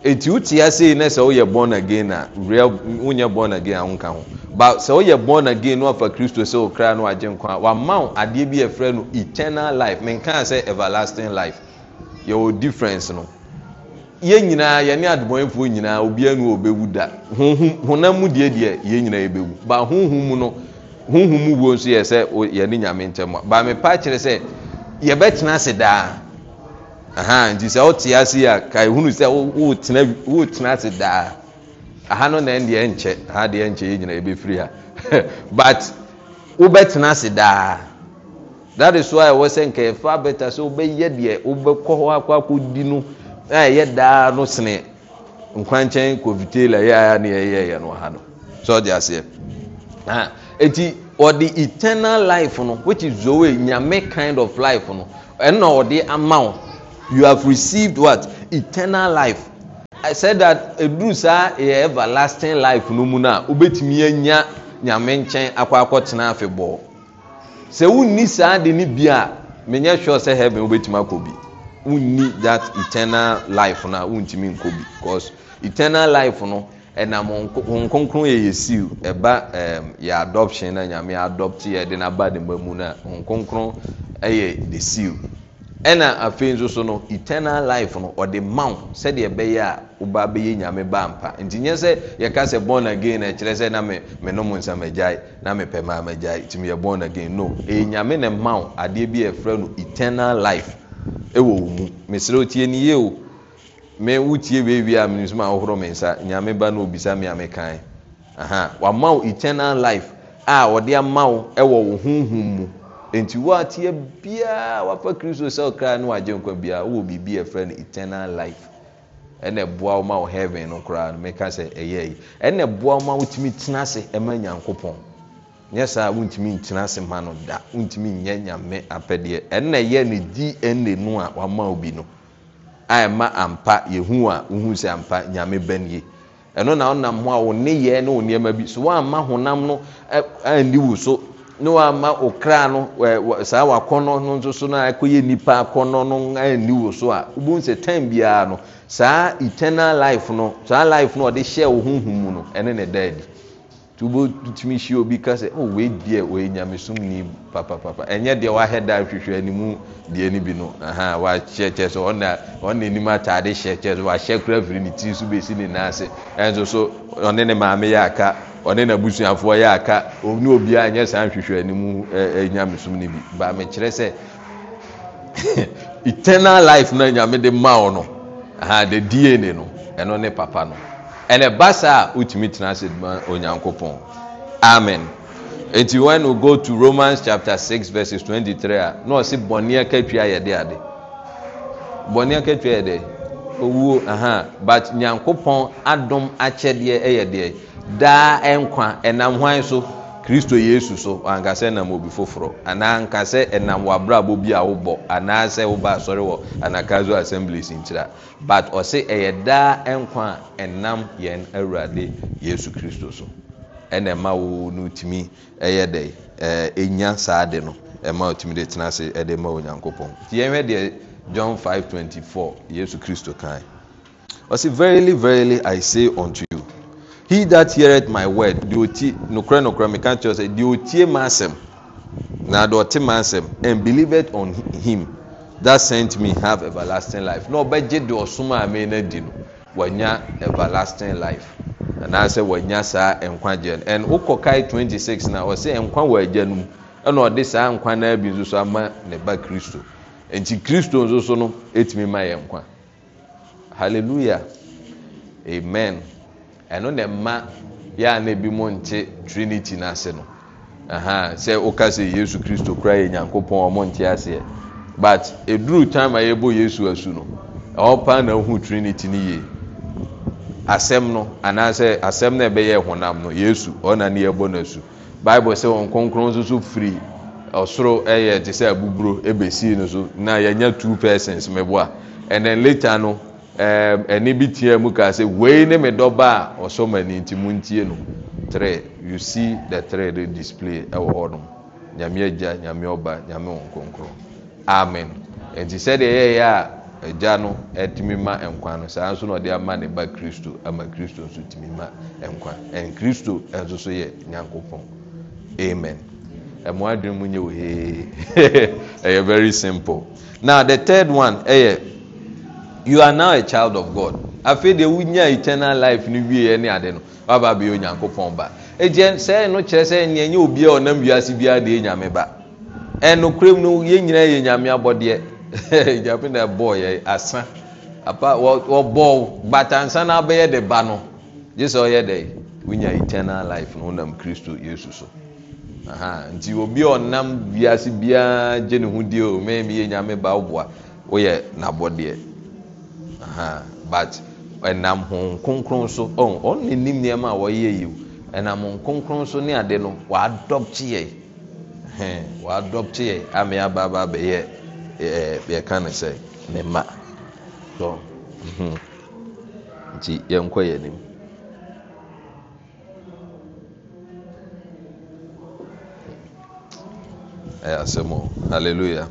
ɛnti wotia sei ne sɛ woyɛ born again a wonyɛ bɔn again a wonka ho but sɛ woyɛ born again no afa kristo sɛ wo no agye nkwa a wama wo adeɛ bi yɛfrɛ no eternal life menka sɛ everlasting life yɛwɔ difference no yɛn nyinaa yɛne adebɔnfoɔ nyinaa obiara nu ɔbɛwu da honam mu deɛ deɛ yɛn nyinaa yɛbɛwu ba honhom mu no honhom mu wuo nso yɛ sɛ yɛne nyame ntɛm a ba mepa kyerɛ sɛ yɛbɛtena ase daa nti sɛ wote ase a kahunu sɛ woretena ase daa aha no na nandeɛ nkyɛ aha deɛ nkyɛ yɛ nyina yɛbɛfiri ha but wobɛtena ase daa thatis wy ɛwɔ sɛ nkɛɛfa bɛta sɛ wobɛyɛ deɛ wobɛkɔ hɔ akɔakɔdi no ɛyɛ daa no sene nkwankyɛn kɔvitela yɛa ne yɛyɛyɛ no ha no sɛ ɔde aseɛ ɛnti ɔde eternal life no whichis zoe nyame kind of life no ɛnna ɔde ama wo you have received what eternal life i said that eduru saa yɛ everlasting life no mu na obetumi anya nyame nkyɛn akɔ akɔtena afebɔɔ sɛ wunni saa de ne bi a menyɛ sure sɛ heaven obetumi akɔ bi wunni that eternal life na wuntumi nkɔ bi because eternal life no ɛnam nkonkron yɛ yɛsiw ɛba ɛɛm yɛ adoption na nyame adopt yɛ de n'aba de ba mu na nkonkron ɛyɛ the seal ɛna afei nso so no eternal life no ɔde ma wo sɛdeɛ ɛbɛyɛ a woba bɛyɛ nyame ba mpa nti nyɛ sɛ yɛka sɛ born again na ɛkyerɛ sɛ na me me nom nsa magyae na mepɛ maa magyae nti meyɛ born again no ɛyɛ nyame ne ma wo adeɛ bi a yɛfrɛ no eternal life ɛwɔ wo mu mesrɛ otie ni yie o me wotie wiewie a menim so ma ahohoro me nsa nyame ba na obisa me a mekae aha wama wo eternal life a ɔde ama wo ɛwɔ wo honhom mu nti wo ateɛ biara wafa kristo sɛ ɔkra ne wagye nkwa biara wowɔ biribi a ɛfrɛ no eternal life ɛna ɛboa wo ma wo heaven no koraa no meka sɛ ɛyɛ yi ɛna ɛboa wo ma wotumi tena ase ɛma nyankopɔn nyɛ saa wontumi ntena ase ma no da wontumi nyɛ nyame apɛdeɛ ɛna ɛyɛ ne dna no a wama wo bi no a ɛma ampa yehu a wohu sɛ ampa nyame bɛn yie ɛno na wonam ho a wo nneyɛɛ ne wo nneɛma bi so woamma honam no anni wo so ne wama okra no saa wakɔnnɔ no nsoso no akɔyɛ nnipa akɔnnɔ no anni wo so a wobɛhu sɛ tan biara no saa eternal life no saa life no ɔde hyɛɛ wo honhum mu no ɛne ne daadi tubotumi hyia obi ka sɛ oh, wei deɛ ɔyɛ nyamesom ni papapapa ɛnyɛ deɛ wahɛda hwehwɛ ne mu deɛ no bi no wahyɛ kyɛ sɛ ɔna nim ataade hyɛ kyɛ sɛ wahyɛ kora firi ne ti so bɛsi ne nan ase ɛnso so ɔne ne maame yɛ aka ɔne n'abusuafoɔ yɛ aka ɔne obiara nyɛ saa hwehwɛ ne mu nyamesom no bi ba mekyerɛ sɛ eternal life no nyame de ma ɔno the dna no ɛno ne papa no ɛnɛ ba saa a wotumi tena ase ma onyankopɔn amen eti when we go to romans chapter six verses twenty-three a na ɔsi bɔnniɛ kɛtua yɛ de ade bɔnniɛ kɛtua yɛ de owuo ahan but nyankopɔn adom akyɛdeɛ ɛyɛ deɛ daa nkwa ɛnam hwan so. kristo yesu so ankasɛ nam obi foforɔ anaa ankasɛ ɛnam wabrabɔ bi a wobɔ anaasɛ woba asɔre wɔ anakaso assemblies nkyira but ɔse ɛyɛ daa nkwa a ɛnam yɛn awurade yesu kristo so ɛna ɛma wo no tumi ɛyɛ dɛ ɛnya saa de no ɛma otumi de tena ase ɛde ma onyankopɔn nti yɛn deɛ john 5:24 yesu kristo kan ɔse verily verily i say unto you he that heareth my word deɛ ɔtie nokorɛ nokorɛ meka kyerɛ sɛ deɛ ɔtie m'asɛm na deɛ ɔte m'asɛm and believeth on him that sent me have everlasting life na ɔbɛgye deɛ ɔsom a me na di no wanya everlasting life anaasɛ wanya saa nkwagyeɛ no and wokɔ twenty six na ɔsɛ nkwa wɔ agya no mu ɛna ɔde saa nkwa naa bi nso so ama ne ba kristo nti kristo nso no ɛtumi ma yɛ nkwa hallelujah amen. ɛno na mma yɛa na bi mu nte trinity no ase no sɛ woka sɛ yesu kristo kora yɛ nyankopɔn ɔmo nte aseɛ but ɛduruu time a yɛbɔ yesu asu no ɛhɔ paa na wohu trinity no yie asɛm no anaasɛ asɛm no ɛbɛyɛ honam no yesu ɔna ne yɛbɔ no bible sɛ wɔn kronkron nso so firi ɔsoro ɛyɛ te sɛ abuburo ɛbɛsii no so na yɛanya two persons mɛboa and then later no ɛne eh, eh, bi tia mu kaa sɛ wei ne me dɔba a ɔsɔ ma ni nti mu ntie no trɛ you see the trɛ de display ɛwɔ hɔ nom nyame agya nyame ɔba nyame wɔn nkonkron amen nti sɛdeɛ yɛyɛ a agya no ɛtumi ma nkwa no saa nso na ɔde ama ne ba kristo ama kristo nso tumi ma nkwa ɛn kristo nso so yɛ nyankopɔn amen ɛmo adwene mu nyɛ wɔ hee ɛyɛ very simple now the third one ɛyɛ. you are now a child of god afei deɛ wonya eternal life no wie ɛne ade no waba bɛ onyankopɔn ba egye sɛ no kyerɛ sɛ nea nye obi a ɔnam wiase biara deɛ nyame ba ɛno kurom no yɛn nyinaa yɛ nyame abɔdeɛ nyame na ɛbɔɔ yɛ asa apa wɔbɔɔ batansa na abɛyɛ de ba no gye ɔyɛ de wonya eternal life no ɔnam kristo yesu so nti obi a ɔnam wiase biara gye ne ho die o mɛmi yɛ nyame ba ɔboa woyɛ n'abɔdeɛ. but ɛnam hohom kronkron so ɔnne nim nnoɔma a wɔyɛ yio ɛnam hom kronkron so ne ade no wadɔpkyeyɛ wadɔpkyeyɛ ameɛbaabaa bɛyɛ yɛka no sɛ ne ma mhm. nti yɛnkɔ yɛ nim ɛyɛ asemo o hallelujah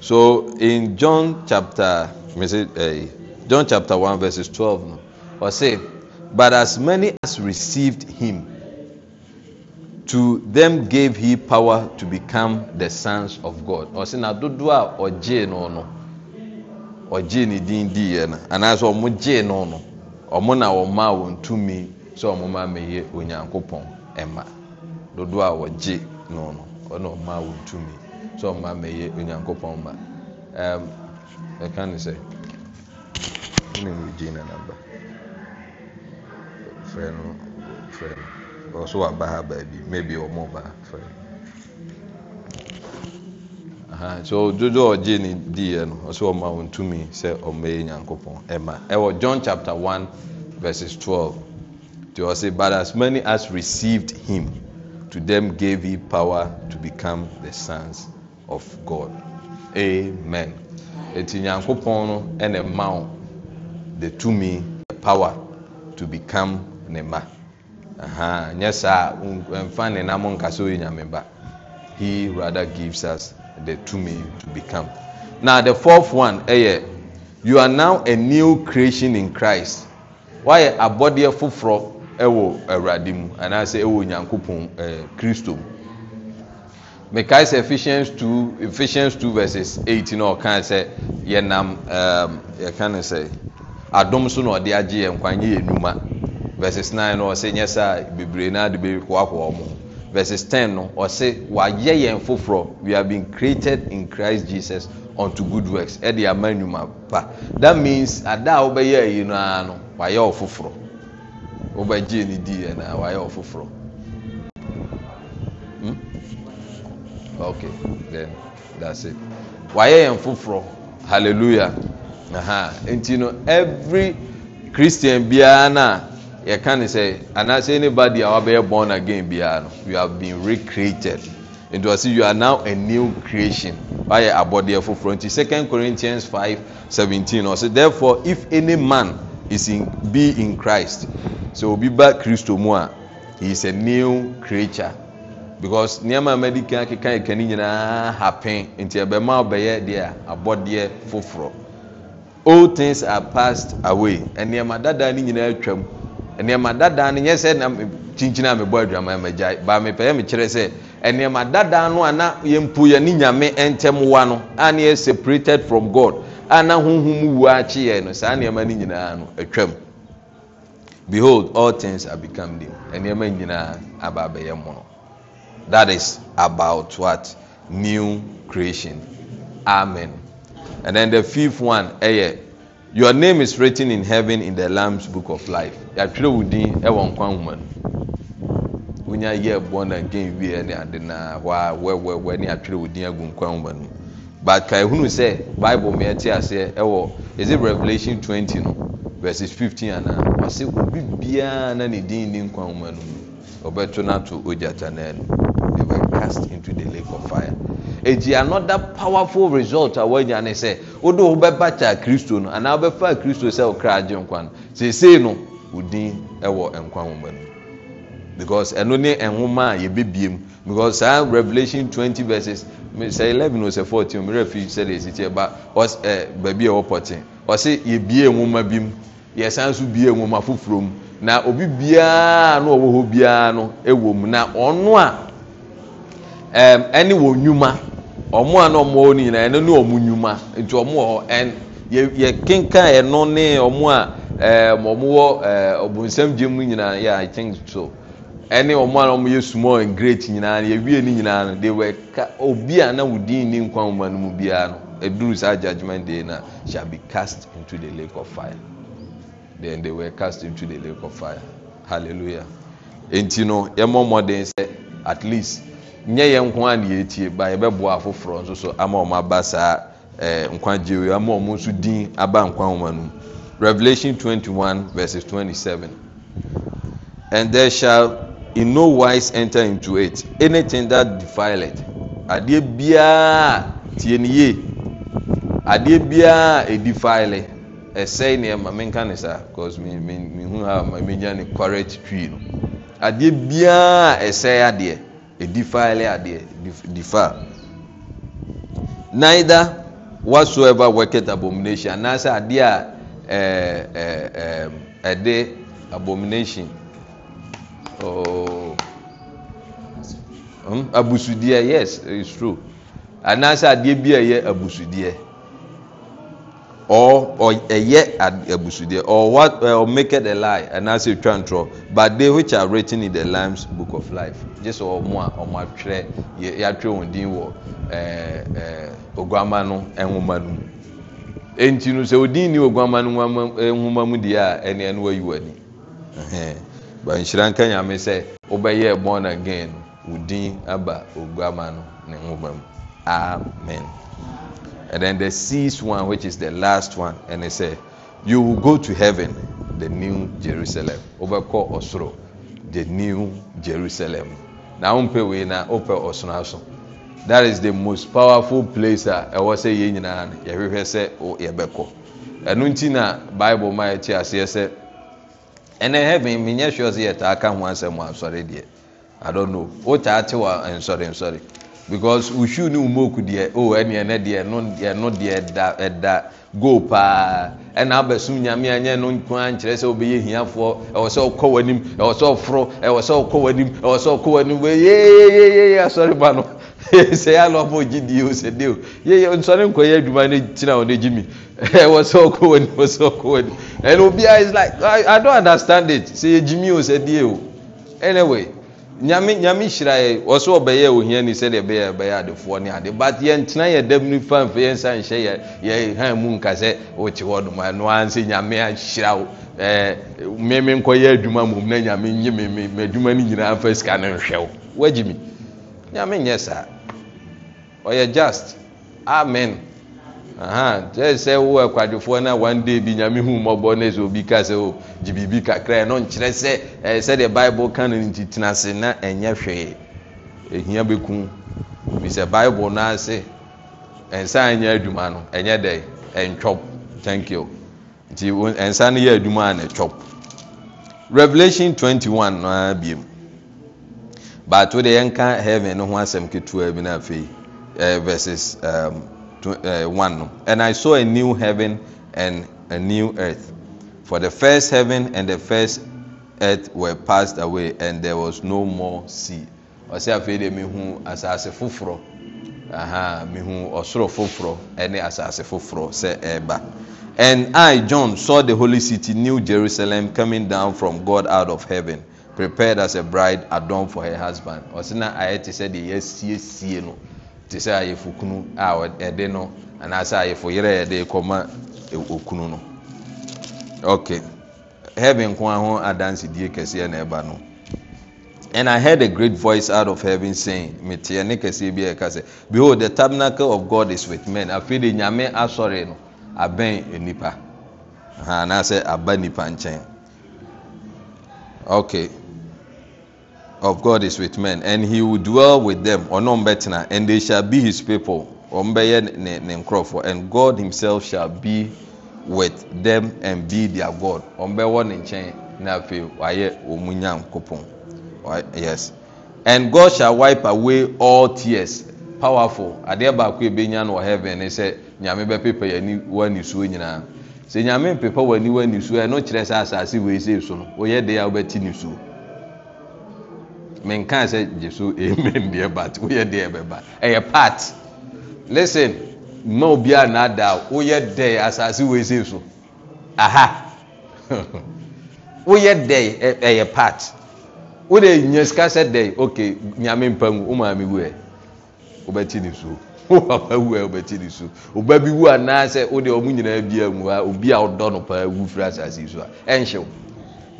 so in john chapter mesi ɛyi. John chapter 1, verses 12. No? Or say, But as many as received him, to them gave he power to become the sons of God. Or say, Na dodo a no no, ɔgye ne din or no, anaasɛ ɔmo gye no no, ɔmo na ɔma wɔn tumi sɛ ɔmo ma meyɛ onyankopɔn ɛma. Dodo a ɔgye no no, ɔna ɔma wɔn tumi sɛ ɔmo ye meyɛ onyankopɔn ma. Um, can't say in Regina number. Friend, friend. Also a bar baby, maybe or mobile friend. so eh, john chapter one verses twelve ti ɔsɛ but as many as received him to them gave he power to become the sons of god amen eti nyankopɔn no ɛna they to me the power to become ne ma nyɛ saa mfa ne nam nka sɛ ɔyɛ nyame ba he rather gives us the tumi to become now the fourth one eh? you are now a new creation in christ wayɛ abɔdeɛ foforɔ eh, ɛwɔ eh, awurade mu anaasɛ ɛwɔ eh, nyankopɔn ɛɛ kristo mu mekae sɛ ephesians two ephesians two verses eight na ɔka sɛ yɛnam ɛɛm um, yɛka ne sɛ. adom so na ɔde agye yɛ nkwa yɛ nnuma verses nine no ɔse nyɛ saa bebree na de bi hoahoa ɔmo verses ten no ɔse wayɛ yɛn foforɔ we have been created in Christ Jesus unto good works ɛde ama nnwuma pa that means ada a wobɛyɛ ayi no ara no wayɛ wɔ foforɔ wobɛgye ne di yɛ na wayɛ wɔ foforɔ hmm okay then that's it wayɛ yɛn foforɔ hallelujah. nti no every christian biara you can yɛka ne sɛ anaasɛ anybody a wabɛyɛ born again biara no you have been recreated nti wɔsi you are now a new creation wayɛ abɔdeɛ foforɔ nti second corinthians five seventeen ɔsi therefore if any man is in be in christ so obi ba kristo mu a he is a new creature because nneɛma mɛdi kan keka yɛ kani nyinaa happen nti ɛbɛma ɔbɛyɛ deɛ abɔdeɛ foforɔ. old things are passed away nneɛma dadaa ne nyinaa atwam nneɛma dadaa no nyɛ sɛ na kyinkyini a mebɔ adwama magyae baa mepɛyɛ mekyerɛ sɛ nneɛma dadaa no a na yɛmpo yɛ ne nyame ntɛm wa no a ne yɛ separated from god a na honhom wu akye yɛ no saa nneɛma no nyinaa no atwam behold all things are become new nneɛma nyinaa aba abɛyɛ mono that is about what new creation amen and then the fifth one ɛyɛ eh, your name is written in heaven in the lamb's book of life yàtwerɛ wò din ɛwɔ eh, nkwa nwoma no wonya yɛ born again wie ne ade na waa wɛwɛwɛ ne yàtwerɛ wò din agu nkwa nwoma no but ka ehunu sɛ bible mi ɛte aseɛ ɛwɔ eh, is it revelation twenty no verses fifteen ana ɔsɛ obi biara na ne din ni nkwa nwoma no mu ɔbɛto n'ato ogyata n'ano they were cast into the lake of fire. ɛnti another powerful result a woanya ne sɛ wode wo bɛba kya kristo no anaa wobɛfaa kristo sɛ wokra gye nkwa no seesei no wo din ɛwɔ nkwa woma no because ɛno ne ɛnwoma a yɛbɛbiem because saa revelation 20 verses sɛ 11 o sɛ 14 fi sɛdeɛ ba nwoma eh, bie mu na obi na ɔwɔ na a ɛne wɔ nnwuma ɔmo a na ɔmo ni nyinaa ɛno ne ɔmo nnwuma nti ɔmo wɔ hɔ ɛn yɛ yɛ kenka ɛno ne ɔmo a ɛɛm ɔmo wɔ ɛɛ ɔbɔnsɛm gye mu nyinaa yɛ i think so ɛne ɔmo a na ɔmo yɛ small and great nyinaa yɛ wie ne nyinaa no de wɛ ka obi a na wò din ne nkwa nwoma no mu biara no eduru saa judgement day na shall be cast into the lake of fire then they were cast into the lake of fire hallelujah nti no yɛ mɔ mɔden sɛ at least nyɛ yɛ nko a ne yɛtie ba yɛbɛboa afoforɔ nso so ama ɔm aba saa eh, nkwagyee ama ɔmo nso din aba nkwa homa no mu revelation 21 verses 27 and there shall in no wise enter into it anything that defileth adeɛ biara tie ne yie adeɛ biara edefile ɛsɛe nneɛma menka ne saa cause me me me hu ha ma me gya ne correct tree no adeɛ biara ɛsɛe e adeɛ. ɛdifale adeɛ difaa nidher whatsoever worket abomination anaa sɛ adeɛ a eh, eh, eh, ɛde abomination oh. hmm? abusudeɛ yes is true anaa sɛ adeɛ biayɛ abusudeɛ or or ɛyɛ abusudeɛ or what or make it a lie anaasɛ etwa ntorɔ but they which are written in the lamb's book of life gye sɛ ɔmo a ɔmo atwerɛ yɛ yɛatwerɛ wɔn din wɔ ɛɛ ɛɛ oguama no nwoma no mu enti no sɛ odin ni oguama no nwoma mu deɛ a ɛnea no wayi wani ɛhɛn but nhyira nka nyame sɛ wobɛyɛ born again odin aba oguama no ne nwoma mu amen. And then the sixth one, which is the last one, and they say, You will go to heaven, the new Jerusalem. Overcall Osro, the new Jerusalem. Now, um, that is the most powerful place a ɛwɔ sɛ yɛn nyinaa no yɛhwehwɛ sɛ yɛbɛkɔ ɛno nti na bible ma yɛte aseɛ sɛ ɛnɛ heaven menyɛ sure sɛ yɛtaa ka ho asɛm wɔ asɔre deɛ i don't know wotaa te wɔ nsɔre nsɔre because wohwiw ne womoku deɛ o ɛneɛ nɛ deɛ ɛno deɛ ɛda go paa ɛna abɛsom nyame a nyɛ no nkoa nkyerɛ sɛ wobɛyɛ hiafoɔ ɛwɔ sɛ wokɔ w'anim ɛwɔ sɛ woforo ɛwɔ sɛ wokɔ w'anim ɛwɔ sɛ wokɔ w'anim yeyeyeye asɔre ba no sɛ yɛ alɔ abɔ gyi die o sɛ e e e de o yeye nsɔre nkɔyɛ adwuma no gyina hɔ no gyi mi ɛwɔ sɛ wokɔ w'anim ɛwɔ sɛ wokɔ w'anim and obiara is like I, I don't understand it sɛ yɛ gyi mi o sɛ de o anyway nyame hyiraeɛ wɔ sɛ ɔbɛyɛ ohiani sɛdeɛ ɛbɛyɛ bɛyɛ adefoɔ ne ade but yɛntena yɛ dam no famfa yɛnsa nhyɛ yɛ han mu nka sɛ wote hɔ nom ɛno ara sɛ nyame ahyira wo meme nkɔyɛ adwuma mmom na nyame nye me m'adwuma no nyinaa mfa sika no nhwɛ wo wagyi mi nyame nyɛ saa ɔyɛ just amen kyerɛ sɛ wo akwadwofoɔ no one day bi nyame hu mmɔbɔ no sɛ obi ka sɛ o gye biribi kakra ɛno nkyerɛ sɛ sɛdeɛ bible ka no nti tena ase na ɛnyɛ hwee ɛhia bɛku bi sɛ bible no ase ɛnsa ɛnyɛ adwuma no ɛnyɛ dɛ ɛntwɔp thank you nti ɛnsa no yɛ adwuma a na ɛtwɔp revelation 21 no ara biem baato deɛ yɛnka heaven no ho asɛm ketewa bi no afei eh, verses um, Eh, 1 and i saw a new heaven and a new earth for the first heaven and the first earth were passed away and there was no more sea ɔsɛ afei deɛ mehu asase foforɔ aha mehu ɔsoro foforɔ ɛne asase foforɔ sɛ ɛɛba and i john saw the holy city new jerusalem coming down from god out of heaven prepared as a bride adorned for her husband ɔsɛ na ayɛ te sɛ deɛ yɛasiesie no te sɛ ayɛfo kunu a ɛde no anaasɛ ayɛfo yerɛ yɛde kɔma e- okunu no okay heaven nko ho adansedie kɛseɛ na ɛba no And I heard a great voice out of heaven saying, Metie ne kɛseɛ bi a ɛka sɛ, Behold, the tabernacle of God is with men. Afei de nyame asɔre no, abɛn nipa. Anaasɛ aba nipa nkyɛn. Okay of God is with men and he will dwell with them ɔno and they shall be his people wɔn bɛyɛ and God himself shall be with them and be their God wɔn bɛwɔ ne nkyɛn na afei wayɛ yes and God shall wipe away all tears powerful adeɛ baako a ebenya no heaven ne sɛ nyame bɛpepa yɛ ani wɔ anisuo nyinaa sɛ nyame mpepa wɔ ani wɔ anisuo ɛno kyerɛ sɛ asaase wɔ esi so no wɔyɛ deɛ a wɔbɛti nisuo menkaa sɛ gye so amen deɛ but woyɛ deɛ ɛbɛba ɛyɛ part listen mma obiara naadaa woyɛ dɛ asase wei sei so aha woyɛ dɛ ɛyɛ part wode nya sika sɛ dɛ ok nyame mpa ngu womaame wu ɛ e. wobɛti ne suo wowama wu ɛ e, wobɛti ne suo oba bi wu anaasɛ wode ɔmo nyinaa bia mu a obi a wodɔ no paa wu firi asase yi so a ɛnhyew e,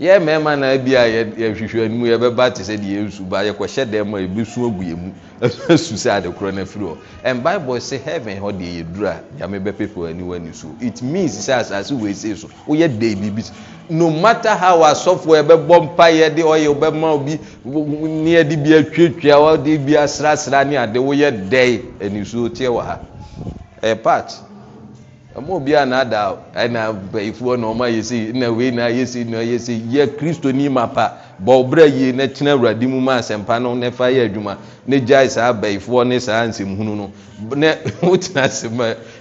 yɛ mmarima na bi a yɛhwehwɛ anim yɛbɛba te sɛ deɛ yɛnsu ba yɛkɔhyɛ dan mu a yɛbɛsu agu yɛn mu asu sɛ ade korɔ no afiri hɔ and bible sɛ heaven hɔ deɛ yɛdura nyame bɛpepa aniwa ni so it means sɛ asase wei sei so woyɛ dɛ biribi no matter how asɔfo yɛbɛbɔ mpa yɛde ɔyɛ wobɛma obi ne yɛde bi atwatwa ɔde bi asrasra ne ade woyɛ dɛ anisuo teɛ wɔ ha ɛyɛ part ɔmo obi a n'ada ɛna bɛyifoɔ na ɔmo ayɛ sei na wei na ayɛ na ayɛ yɛ kristo ni ma pa bɔbra yie na kyerɛ awurade mu ma asɛmpa no na fa yɛ adwuma ne gyae saa bɛyifoɔ ne saa nsɛmhunu no na wotena ase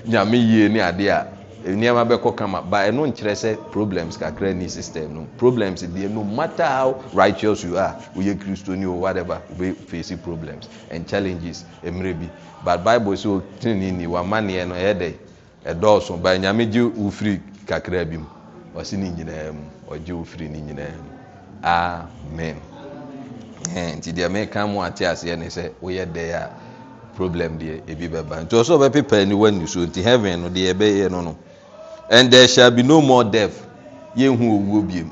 nyame yie ne adeɛ a nneɛma bɛkɔ kama ba ɛno nkyerɛ sɛ problems kakra ni system no problems deɛ no matter how righteous you are woyɛ kristo ni o whatever wobɛ face problems and challenges mmerɛ bi but bible sɛ o tini ni wa ma neɛ no ɛyɛ dɛ ɛdɔɔso ba nyame gye wo firi kakraa bi mu ɔsi ne nyinaa mu ɔgye wo ne nyinaa mu amen nti deɛ meka mo ate aseɛ ne sɛ woyɛ dɛɛ a problem deɛ ebi bɛba nti ɔsɛ ɔbɛpepa aniwa nusuo nti heaven no deɛ ɛbɛyɛ no no and there shall be no more death yɛnhu owuo biem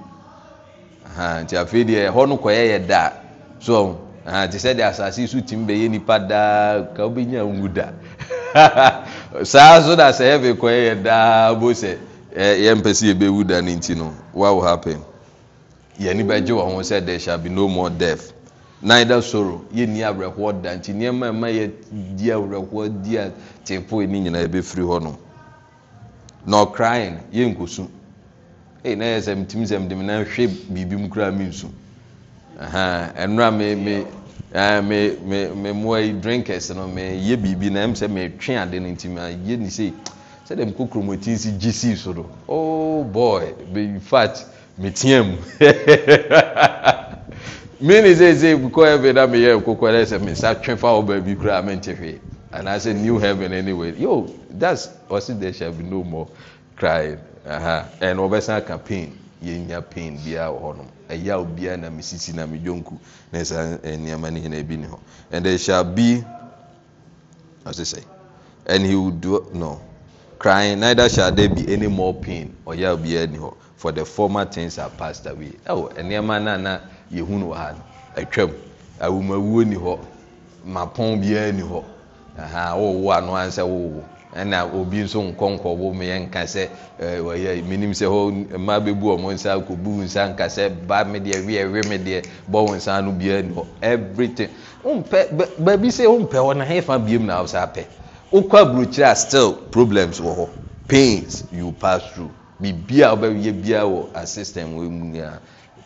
nti afei deɛ ɛhɔ no kɔyɛ yɛ da so te sɛ deɛ asase so tumi bɛyɛ nipa daa ka wobɛnya nwu da saa so da sɛ yɛfe kɔɛ yɛ daa bo sɛ yɛmpɛ sɛ yɛbɛwu da no nti no what will happen yɛni bɛgye wɔ ho sɛ there shall be no more death neither sorrow yɛnni awerɛhoɔ da nti nneɛma ɛma yɛdi awerɛhoɔ di a teepo ne nyinaa yɛbɛfiri hɔ no na ɔcrying yɛnkosu ɛyìn náà yɛ sɛ ntumi sɛ ntumi náà hwɛ biribi mu koraa mi nsu ɛnura mi mi. Ah, memmoa yi drinkers no meyɛ biribi na m sɛ metwe ade no ntim ayɛ ni sei sɛdeɛ mekɔkromɔtin si gye sii so do Oh boy infact metea mu mene seesei bkɔ heaven a meyɛ kokɔ dɛ sɛ mensa twe fa wɔ baabi koraa And I say, new heaven anyway yo that's ɔsi there shall be no more crying uh -huh. and wɔbɛsan aka campaign. yɛnya pain biaa wɔ hɔno ɛyaw biaa namesisi name dwonku eh, ne sa nnoɛma no hyinabini hɔ nthe shal b ɔssɛncr neither shall e be anymore pain ɔyaw biaa ni hɔ for the fomer tins ar past awaynnoɛma nana yhu nhtwam awomawuo ni hɔ mapɔn biaa ni hɔwowo a noas woo ɛna obi nso nkɔ nkɔwo meyɛ nka sɛ eh, wɔyɛ menim sɛ hɔ mma bɛbu ɔmo nsa kɔbu nsa nka sɛ ba me deɛ weɛ we me deɛ bɔ wo nsa no biara ni hɔ everything wompɛ baabi sɛ wompɛ hɔ na hefa biem na wo saa pɛ wokɔ aburokyerɛ a still problems wɔ hɔ pains you pass through biribia a wobɛyɛ biara wɔ asystem wɔ mu nyinaa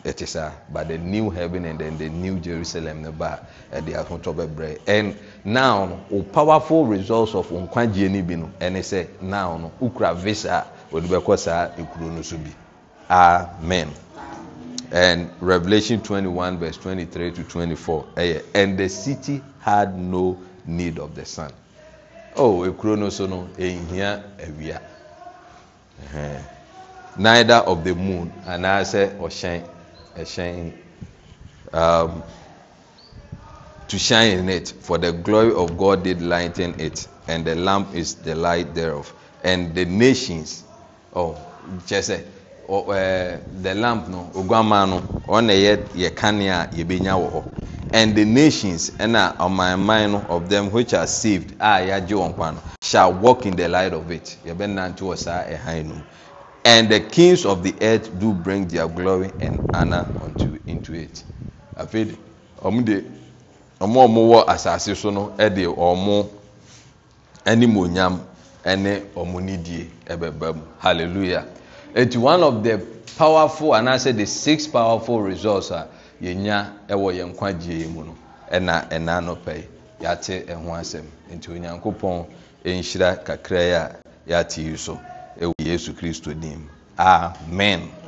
ɛte saa but the new heaven and then the new Jerusalem ne ba a ɛde ahotɔ bɛbrɛ and now no o powerful results of nkwagyeɛ no bi no ɛne sɛ now no wokura visa a wɔde bɛkɔ saa ɛkuro no so bi amen and revelation 21 verse 23 to 24 ɛyɛ and the city had no need of the sun oh ekuro no so no ehia awia neither of the moon anaasɛ ɔhyɛn ɛhyɛn um, to shine in it, for the glory of God did lighten it, and the lamp is the light thereof. And the nations, oh, just oh, uh, the lamp no, Oguama no, on the yet Yekania Yebenya And the nations, and ah, on my mind of them which are saved, ah, Yajo shall walk in the light of it. Yebenantu was a eh, And the kings of the earth do bring their glory and honor unto into it. I feel, um, the, ɔmo a ɔmowɔ asase so no ɛde ɔmo animonyam ɛne ɔmo nidie bɛba mu halleluja ɛti one of the powerful anaasɛ the six powerful resorts a yɛnya ɛwɔ yɛn nkwagyeei mu no ɛna ɛna nɔpɛyi yɛate ho asɛm nti onyankopɔn ɛnhyira kakrai a yɛate yi so ɛwɔ yesu kristo nim amen